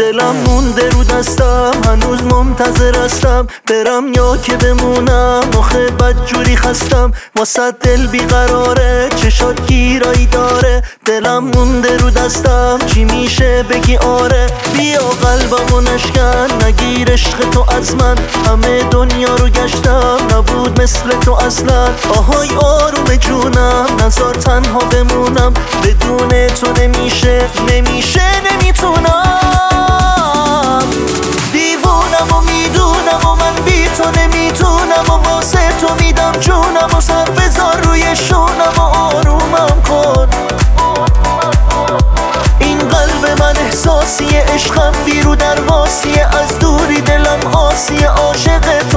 دلم مونده رو دستم هنوز منتظر هستم برم یا که بمونم آخه جوری خستم واسه دل بیقراره چشات گیرایی داره دلم مونده رو دستم چی میشه بگی آره بیا قلبمو نشکن نگیر عشق تو از من همه دنیا رو گشتم نبود مثل تو اصلا آهای آروم جونم نزار تنها بمونم بدون تو نمیشه نمیشه نمیشه عشقم بیرو در واسیه از دوری دلم آسیه عاشقت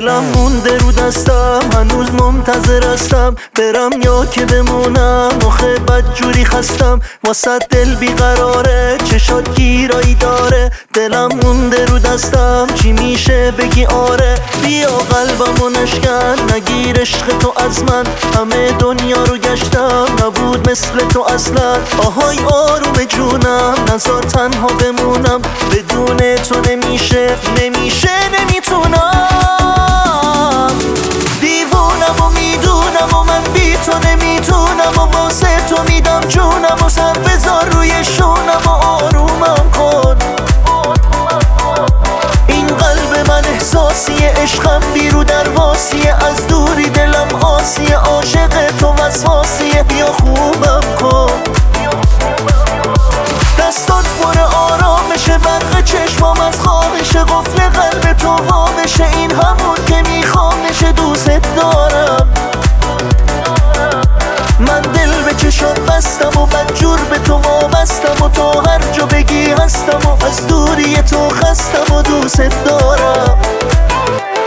دلم مونده رو دستم هنوز منتظر هستم برم یا که بمونم آخه بد جوری خستم واسه دل بیقراره چشات گیرایی داره دلم مونده رو دستم چی میشه بگی آره بیا قلبمو نشکن نگیر عشق تو از من همه دنیا رو گشتم نبود مثل تو اصلا آهای آروم جونم نزار تنها بمونم بدون تو نمیشه نمیشه دلم و واسه تو میدم جونم و سر بذار روی شونم و آرومم کن این قلب من احساسی عشقم بیرو در واسیه از دوری دلم آسیه عاشق تو وسواسیه بیا تو هر جا بگی هستم و از دوری تو خستم و دوست دارم